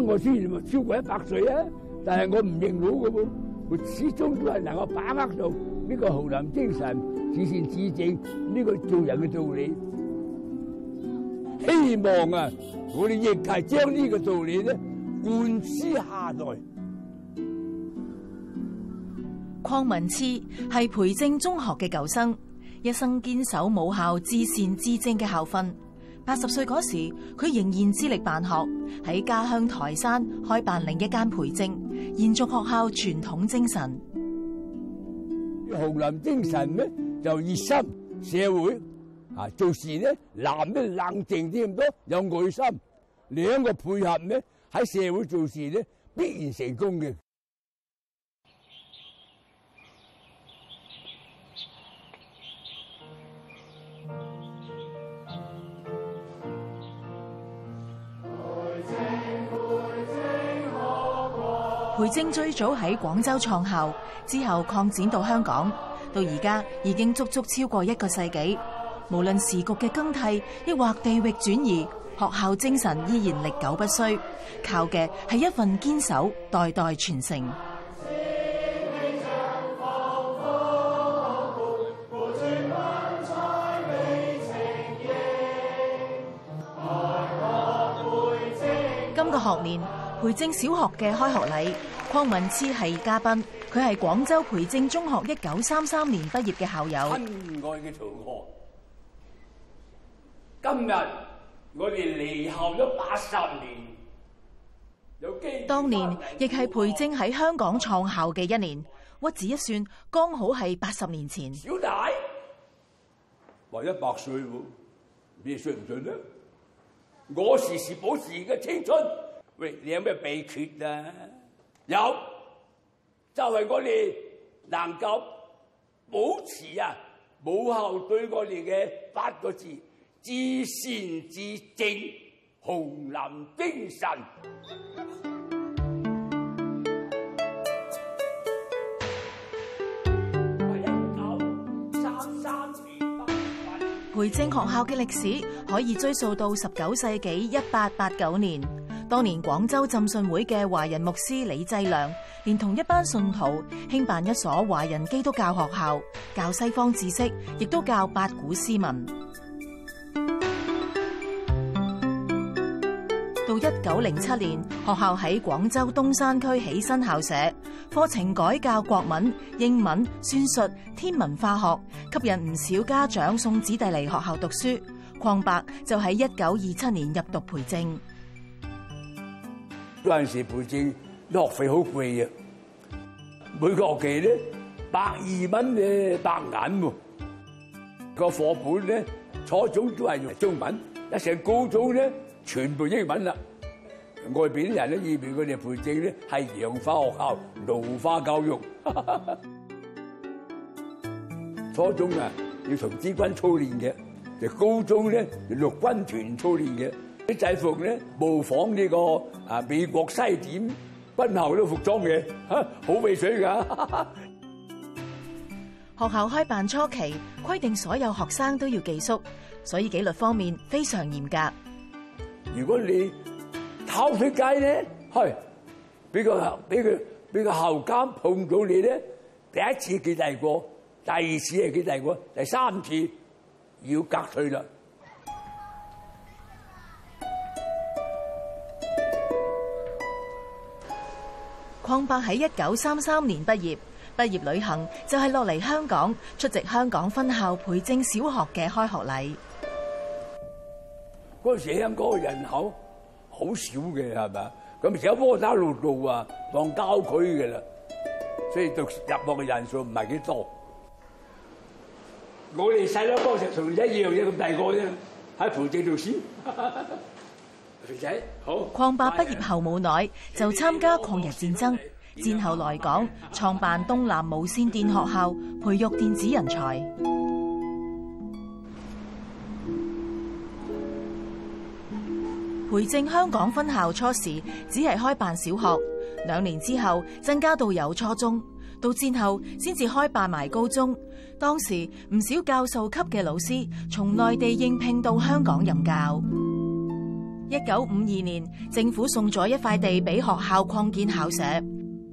我雖然超過一百歲啊，但係我唔認老嘅喎，我始終都係能夠把握到呢個紅藍精神、至善至正呢個做人嘅道理。希望啊，我哋亦係將呢個道理咧灌輸下嚟。鄺文熾係培正中學嘅舊生，一生堅守母校至善至正嘅校訓。八十歲嗰時，佢仍然致力辦學，喺家鄉台山開辦另一間培正，延續學校傳統精神。紅藍精神咧就熱心社會，啊做事咧藍咧冷靜啲咁多，有愛心，兩個配合咧喺社會做事咧必然成功嘅。培正最早喺廣州創校，之後擴展到香港，到而家已經足足超過一個世紀。無論時局嘅更替，抑或地域轉移，學校精神依然歷久不衰。靠嘅係一份堅守，代代傳承。今個學年培正小學嘅開學禮。鄺文熾係嘉賓，佢係廣州培正中學一九三三年畢業嘅校友。親愛嘅同學，今日我哋離校咗八十年，有年當年亦係培正喺香港創校嘅一年，屈指一算，剛好係八十年前。小弟，哇一百歲喎，你信唔信呢？我時時保持嘅青春，喂，你有咩秘訣啊？有周係、就是、我哋能夠保持啊母校對我哋嘅八個字：至善至正，紅藍精神。培正學校嘅歷史可以追溯到十九世紀一八八九年。當年廣州浸信會嘅華人牧師李濟良連同一班信徒興辦一所華人基督教學校，教西方知識，亦都教八股詩文。到一九零七年，學校喺廣州東山區起新校舍，課程改教國文、英文、算術、天文、化學，吸引唔少家長送子弟嚟學校讀書。鄺白就喺一九二七年入讀培正。嗰陣時培正啲學費好貴啊，每個學期咧百二蚊嘅白銀喎，個課本咧初中都係用中文，一上高中咧全部英文啦。外邊啲人都以為佢哋培正咧係洋化學校、奴化教育。初中啊要童子軍操練嘅，就高中咧要陸軍團操練嘅。啲制服咧模仿呢個啊美國西點軍校啲服裝嘅，吓好威水噶。學校開辦初期規定所有學生都要寄宿，所以紀律方面非常嚴格。如果你偷出街咧，係俾個俾個俾個校監碰到你咧，第一次記大過，第二次係記大過，第三次要革退啦。鄺伯喺一九三三年畢業，畢業旅行就係落嚟香港出席香港分校培正小學嘅開學禮。嗰時香港嘅人口好少嘅係咪？咁而家波打路路啊，當郊區嘅啦，所以入入學嘅人數唔係幾多。我哋細佬當時同一樣嘢咁大個啫，喺培正讀書。礦霸畢業後冇耐，就參加抗日戰爭，戰後來港創辦東南無線電學校，培育電子人才。培正香港分校初時只係開辦小學，兩年之後增加到有初中，到戰後先至開辦埋高中。當時唔少教授級嘅老師從內地應聘到香港任教。一九五二年，政府送咗一塊地俾學校擴建校舍。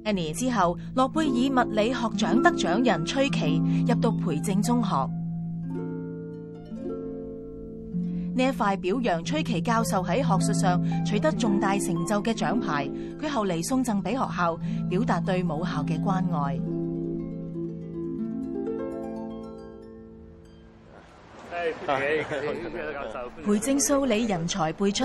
一年之後，諾貝爾物理學獎得獎人崔琦入讀培正中學。呢一塊表揚崔琦教授喺學術上取得重大成就嘅獎牌，佢後嚟送贈俾學校，表達對母校嘅關愛。培 正數理人才輩出，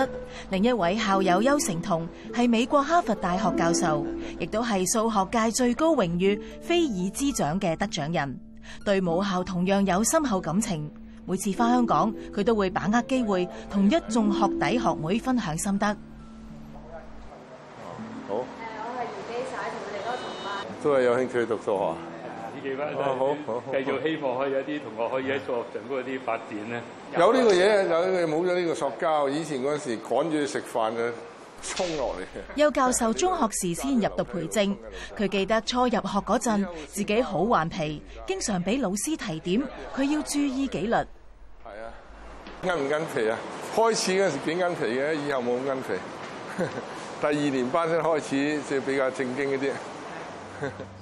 另一位校友丘成桐係美國哈佛大學教授，亦都係數學界最高榮譽菲爾茲獎嘅得獎人。對母校同樣有深厚感情，每次翻香港，佢都會把握機會，同一眾學弟學妹分享心得。好，我係年機仔，同佢哋都同班。都係有興趣讀數學。好好，好，好，好，好，繼續希望可以有啲同學可以喺個政府嗰啲發展咧。有呢個嘢，有呢個冇咗呢個塑膠。以前嗰陣時趕住去食飯嘅衝落嚟嘅。有教授中學時先入讀培正，佢記得初入學嗰陣自己好頑皮，經常俾老師提點，佢要注意紀律。係啊，奀唔奀皮啊？開始嗰陣時幾奀皮嘅，以後冇咁奀皮。 第二年班先開始，即係比較正經一啲。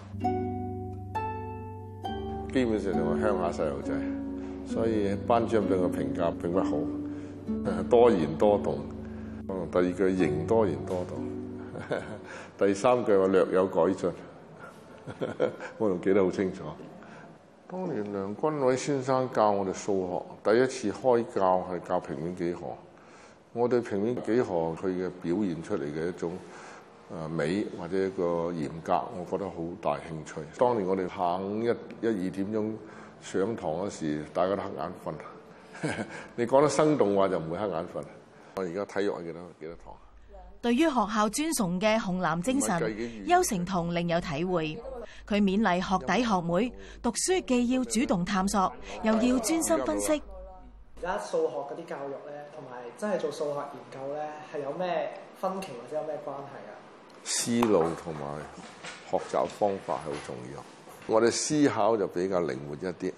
基本上就係鄉下細路仔，所以班長對我評價並不好，多言多動。第二句型多言多動。 第三句話略有改進， 我仲記得好清楚。當年梁君偉先生教我哋數學，第一次開教係教平面幾何。我對平面幾何佢嘅表現出嚟嘅一種美或者一個嚴格，我覺得好大興趣。當年我哋下午一一二點鐘上堂嗰時，大家都黑眼瞓。 你講得生動話就唔會黑眼瞓。我而家體育係幾多幾多堂？對於學校尊崇嘅紅藍精神，丘成桐另有體會。佢勉勵學弟學妹讀書既要主動探索，又要專心分析。而家數學嗰啲教育咧，同埋真係做數學研究咧，係有咩分歧或者有咩關係啊？思路同埋學習方法係好重要。我哋思考就比較靈活一啲，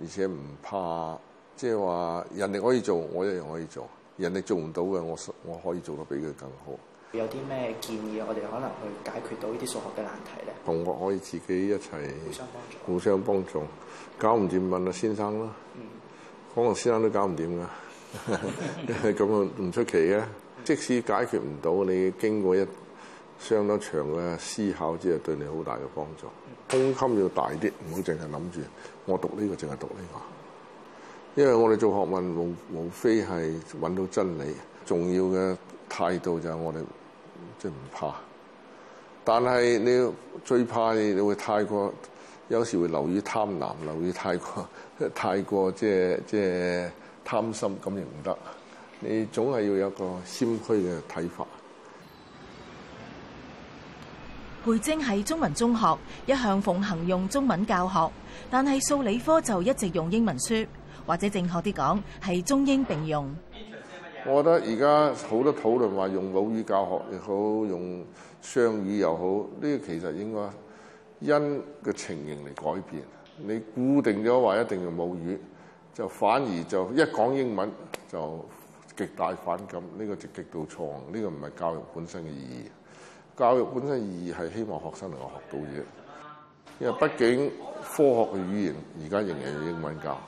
而且唔怕即係話人哋可以做，我一樣可以做,人做。人哋做唔到嘅，我我可以做得比佢更好。有啲咩建議，我哋可能去解決到呢啲數學嘅難題咧？同學可以自己一齊互相幫助，互相幫助，搞唔掂問阿先生囉。嗯，可能先生都搞唔掂㗎。咁啊唔出奇嘅、嗯，即使解決唔到，你經過一相當長嘅思考之，即係對你好大嘅幫助。胸襟要大啲，唔好淨係諗住我讀呢個，淨係讀呢個。因為我哋做學問，無無非係揾到真理。重要嘅態度就係我哋即係唔怕。但係你最怕你，你會太過，有時會流於貪婪，流於太過太過即係即係貪心，咁亦唔得。你總係要有一個先驅嘅睇法。培正係中文中學，一向奉行用中文教學，但係數理科就一直用英文書，或者正確啲講係中英並用。我覺得而家好多討論話用母語教學又好，用雙語又好，呢個其實應該因個情形嚟改變，你固定咗話一定要母語，就反而就一講英文就極大反感，呢個直極度錯誤，呢個唔係教育本身嘅意義。教育本身意義係希望學生能夠學到嘢，因為畢竟科學嘅語言而家仍然係英文教。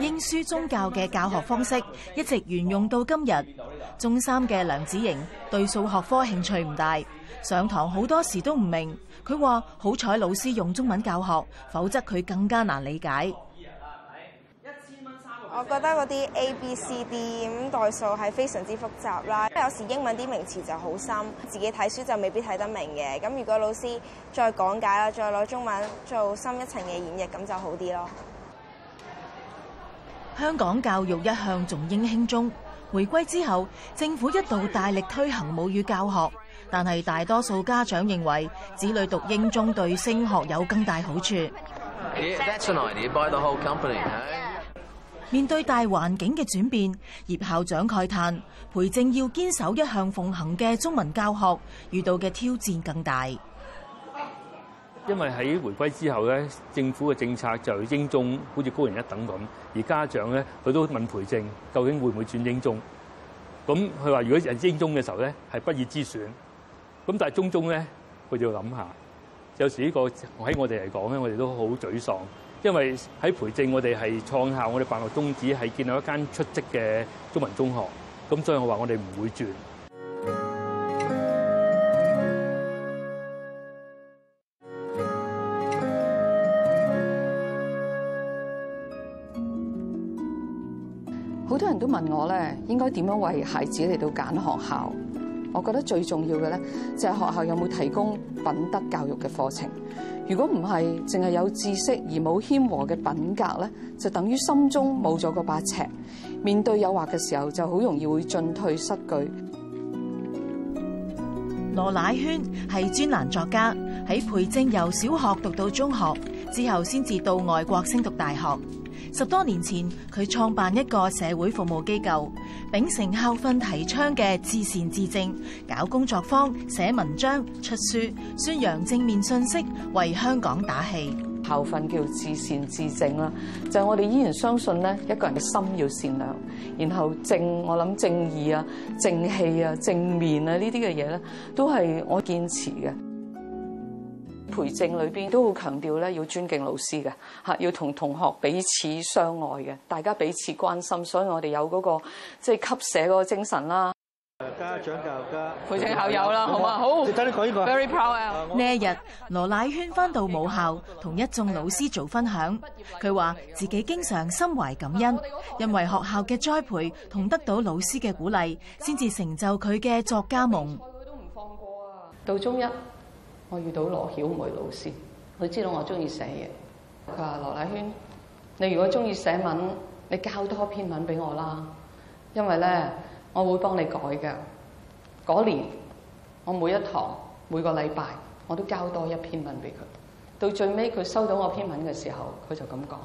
英書中教嘅教學方式一直沿用到今日。中三嘅梁子瑩對數學科興趣唔大，上堂好多時都唔明。佢話好彩老師用中文教學，否則佢更加難理解。我覺得嗰啲 A、B、C、D 咁代數係非常之複雜啦，因為有時英文啲名詞就好深，自己睇書就未必睇得明嘅。咁如果老師再講解啦，再攞中文做深一層嘅演繹，咁就好啲咯。香港教育一向重英輕中，回歸之後政府一度大力推行母語教學，但係大多數家長認為子女讀英中對升學有更大好處。Yeah, 面對大環境嘅轉變，葉校長慨嘆：培正要堅守一向奉行嘅中文教學，遇到嘅挑戰更大。因為喺回歸之後咧，政府嘅政策就英中好似高人一等咁，而家長咧，佢都問培正究竟會唔會轉英中？咁佢話如果係英中嘅時候咧，係不二之選。咁但係中中咧，佢就要諗下，有時呢個喺我哋嚟講咧，我哋都好沮喪。因為喺培正，我哋係創校，我哋辦學宗旨係建立一間出質嘅中文中學，咁所以我話我哋唔會轉。好多人都問我咧，應該點樣為孩子嚟到揀學校？我覺得最重要嘅咧，就係學校有冇提供品德教育嘅課程。如果唔係淨係有知識而冇謙和嘅品格咧，就等於心中冇咗個把尺，面對誘惑嘅時候就好容易會進退失據。羅乃圈係專欄作家，喺培正由小學讀到中學，之後先至到外國升讀大學。十多年前，佢創辦一個社會服務機構，秉承校訓提倡嘅至善至正，搞工作坊、寫文章、出書宣揚正面信息，為香港打氣，校訓叫至善至正啦，就係我哋依然相信咧，一個人嘅心要善良，然後正，我諗正義啊、正氣啊、正面啊呢啲嘅嘢咧，都係我堅持嘅。培正裏邊都會強調咧，要尊敬老師嘅，吓，要同同學彼此相愛嘅，大家彼此關心，所以我哋有嗰、那個即係吸舍嗰個精神啦。家長、教育家、培正校友啦，好啊，好。你等你講呢、這個。Very proud! 呢一日羅乃萱翻到母校，同、啊、一眾老師做分享，佢話自己經常心懷感恩，因為學校嘅栽培同得到老師嘅鼓勵，先至成就佢嘅作家夢。佢都唔放過啊，到中一。我遇到羅曉梅老師，佢知道我中意寫嘢。佢話：羅麗軒，你如果中意寫文，你交多篇文俾我啦，因為咧，我會幫你改嘅。嗰年我每一堂每個禮拜我都交多一篇文俾佢。到最尾佢收到我篇文嘅時候，佢就咁講：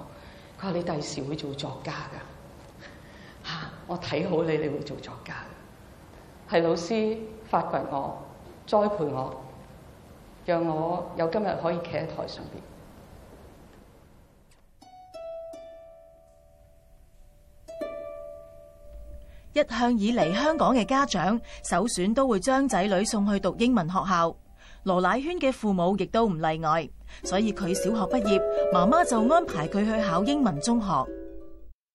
佢話你第時會做作家㗎嚇，我睇好你，你會做作家。係老師發掘我，栽培我。讓我有今日可以企喺台上邊。一向以嚟香港嘅家長，首選都會將仔女送去讀英文學校。羅乃軒嘅父母亦都唔例外，所以佢小學畢業，媽媽就安排佢去考英文中學。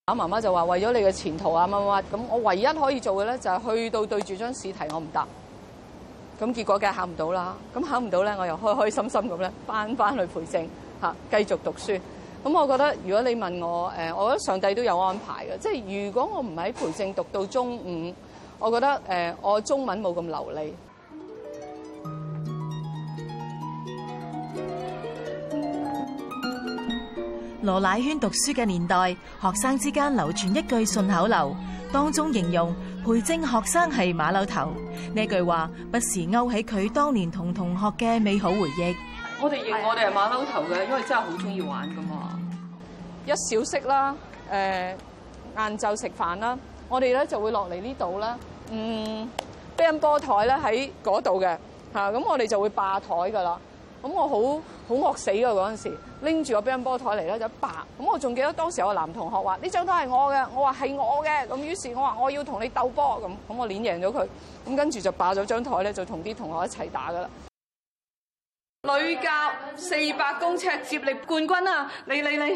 我媽媽就話：為咗你嘅前途啊乜乜咁，我唯一可以做嘅咧，就係去到對住張試題，我唔答。咁結果梗係考唔到啦，咁考唔到咧，我又開開心心咁咧，翻翻去培正吓繼續讀書。咁我覺得如果你問我誒，我覺得上帝都有安排嘅，即係如果我唔喺培正讀到中五，我覺得誒，我中文冇咁流利。羅乃軒讀書嘅年代，學生之間流傳一句順口溜，當中形容培正學生係馬騮頭。呢句話不時勾起佢當年同同學嘅美好回憶。我哋認我哋係馬騮頭嘅，哎，因為真係好中意玩噶嘛。一小息啦，誒、呃，晏晝食飯啦，我哋咧就會落嚟呢度啦。嗯，乒乓波台咧喺嗰度嘅。吓，咁我哋就會霸台噶啦。咁我好好惡死啊嗰陣時。拎住個乒乓波台嚟咧就霸，咁我仲記得當時有個男同學話：呢張台係我嘅，我話係我嘅，咁於是，我話我要同你鬥波，咁咁我碾贏咗佢，咁跟住就霸咗張台咧，就同啲同學一齊打㗎啦。女教四百公尺接力冠軍啊！你你你，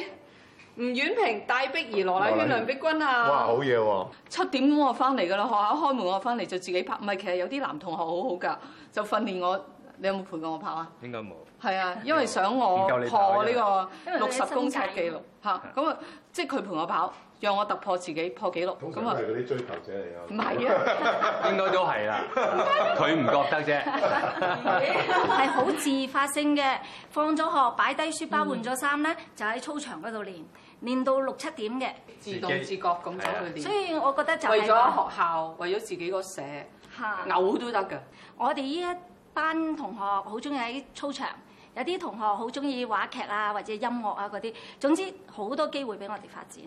吳婉萍、戴碧怡、羅乃娟、梁碧君啊！哇，好嘢喎！七點鐘我翻嚟㗎啦，學校開門我翻嚟就自己拍。唔係其實有啲男同學好好㗎，就訓練我。你有冇陪過我拍啊？應該冇。係啊，因為想我破呢個六十公尺記錄，嚇咁啊，即係佢陪我跑，讓我突破自己，破記錄。咁啊，啲追求者嚟啊，唔係啊， 應該都係啊。佢 唔覺得啫，係好自發性嘅。放咗學，擺低書包、嗯，換咗衫咧，就喺操場嗰度練，練到六七點嘅。自動自覺咁走去練、啊。所以我覺得就係、那個、為咗學校，為咗自己個社，唞、啊、都得㗎。我哋依一班同學好中意喺操場。有啲同學好中意話劇啊，或者音樂啊嗰啲，總之好多機會俾我哋發展。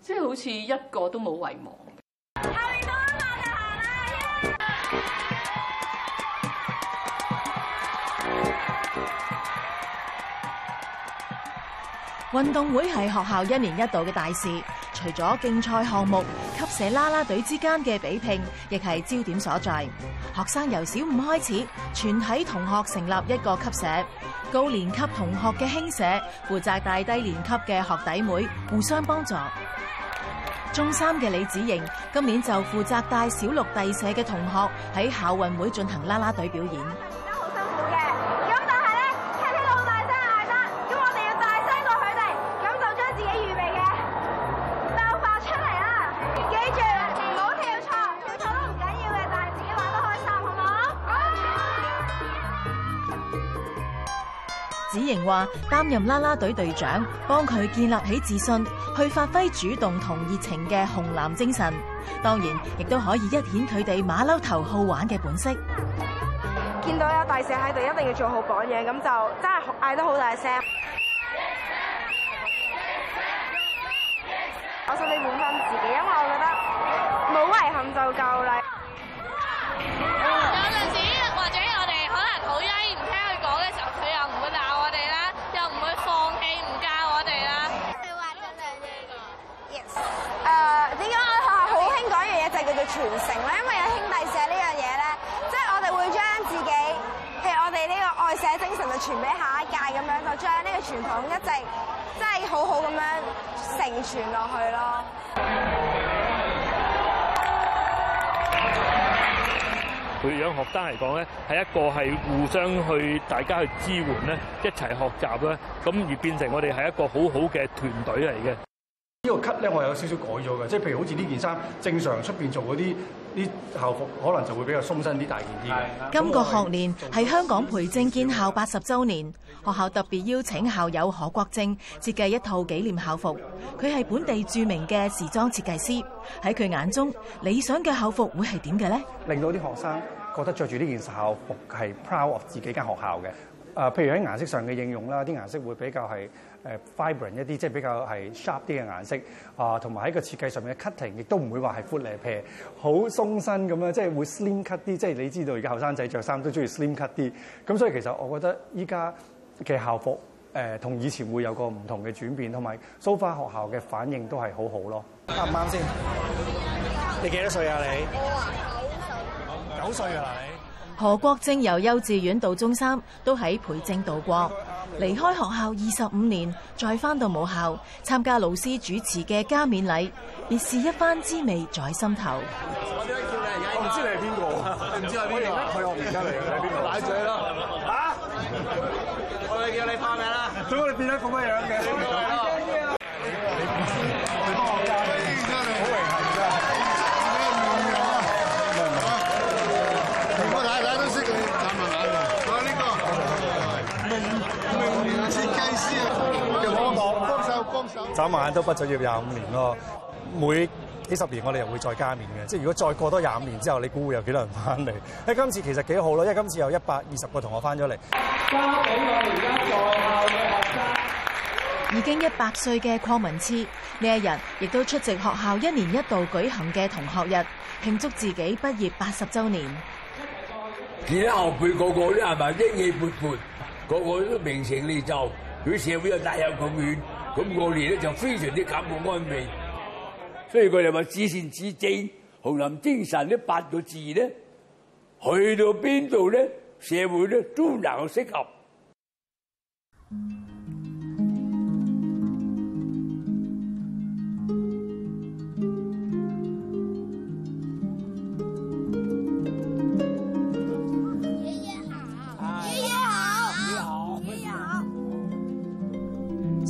即係好似一個都冇遺忘。Yeah、運動會係學校一年一度嘅大事。除咗競賽項目，級社啦啦隊之間嘅比拼亦係焦點所在。學生由小五開始，全體同學成立一個級社，高年級同學嘅兄社負責帶低年級嘅學弟妹互相幫助。中三嘅李子瑩今年就負責帶小六弟社嘅同學喺校運會進行啦啦隊表演。話擔任啦啦隊隊長，幫佢建立起自信，去發揮主動同熱情嘅紅藍精神。當然，亦都可以一顯佢哋馬騮頭好玩嘅本色。見到有大蛇喺度，一定要做好講嘢，咁就真係嗌得好大聲。我想你滿返自己，因為我覺得冇遺憾就夠啦。傳承咧，因為有兄弟社呢樣嘢咧，即係我哋會將自己，譬如我哋呢個愛社精神就傳俾下一屆咁樣，就將呢個傳統一直即係好好咁樣成傳落去咯。培養學生嚟講咧，係一個係互相去大家去支援咧，一齊學習咧，咁而變成我哋係一個好好嘅團隊嚟嘅。呢、這個 cut 咧，我有少少改咗嘅，即係譬如好似呢件衫，正常出邊做嗰啲啲校服，可能就會比較鬆身啲、大件啲。今、嗯，這個學年係香港培正建校八十週年，學校特別邀請校友何國正設計一套紀念校服。佢係本地著名嘅時裝設計師，喺佢眼中，理想嘅校服會係點嘅咧？令到啲學生覺得穿着住呢件校服係 proud of 自己間學校嘅。啊，譬如喺顏色上嘅應用啦，啲顏色會比較係誒 vibrant 一啲，即係比較係 sharp 啲嘅顏色啊，同埋喺個設計上面嘅 cutting 亦都唔會話係 full layer 好鬆身咁樣，即係會 slim cut 啲，即係你知道而家後生仔着衫都中意 slim cut 啲，咁所以其實我覺得依家嘅校服誒同，呃、以前會有一個唔同嘅轉變，同埋 so far 學校嘅反應都係好好咯。啱唔啱先？你幾多歲啊？你我啊九歲九歲啊嗱你。何國正由幼稚園到中三，都喺培正度過。離開學校二十五年，再返到母校參加老師主持嘅加冕禮，別是一番滋味在心頭，啊。我哋喺見你嘅，唔知你唔知係邊個？而家嚟嘅係嘴囉！我哋叫你化名啦。點解你變咗咁樣嘅？打晚都畢咗業廿五年咯，每幾十年我哋又會再加冕嘅，即係如果再過多廿五年之後，你估會有幾多人翻嚟？喺今次其實幾好咯，因為今次有一百二十個同學翻咗嚟。交俾我而家在校嘅學生，已經一百歲嘅鄺文熾呢一日亦都出席學校一年一度舉行嘅同學日，慶祝自己畢業八十週年。見到後輩個個都係咪英氣勃勃，個個都名成利就，佢社會又帶入咁遠。咁我哋咧就非常之感冒安慰， 所以佢哋話至善至正、紅藍精神呢八個字咧，去到邊度咧，社會咧都能夠適合。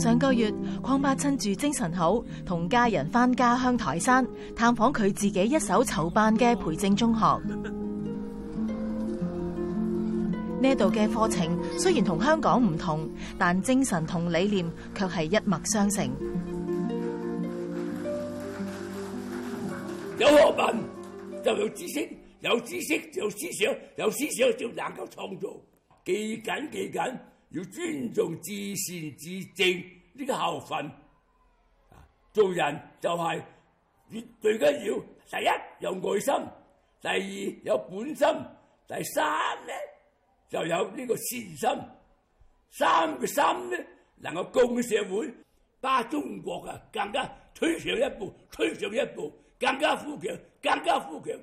兩個月，鄺伯趁住精神好，同家人翻家鄉台山探訪佢自己一手籌辦嘅培正中學。呢度嘅課程雖然同香港唔同，但精神同理念卻係一脈相承。有學問就有知識，有知識就有思想，有思想就能夠創造。記緊記緊，要尊重、至善、至正。呢個校訓，啊！做人就係越最緊要，第一有愛心，第二有本心，第三咧就有呢個善心。三個心咧能夠共社會把中國啊更加推上一步，推上一步更加富強，更加富強。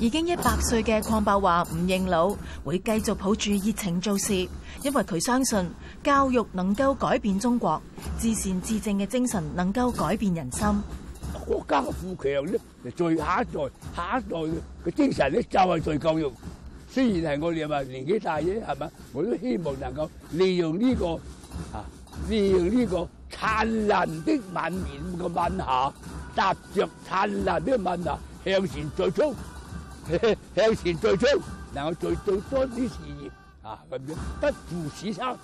已經一百歲嘅鄺伯話唔認老，會繼續抱住熱情做事，因為佢相信教育能夠改變中國，至善至正嘅精神能夠改變人心。國家嘅富強咧，就喺下一代、下一代嘅精神咧，就係喺教育。雖然係我哋啊年紀大啫，係嘛，我都希望能夠利用呢個啊，利用呢個燦爛的晚年嘅晚霞，踏着燦爛的晚霞向前再衝。向前再衝，能夠再做多啲事業啊！咁樣不負此生。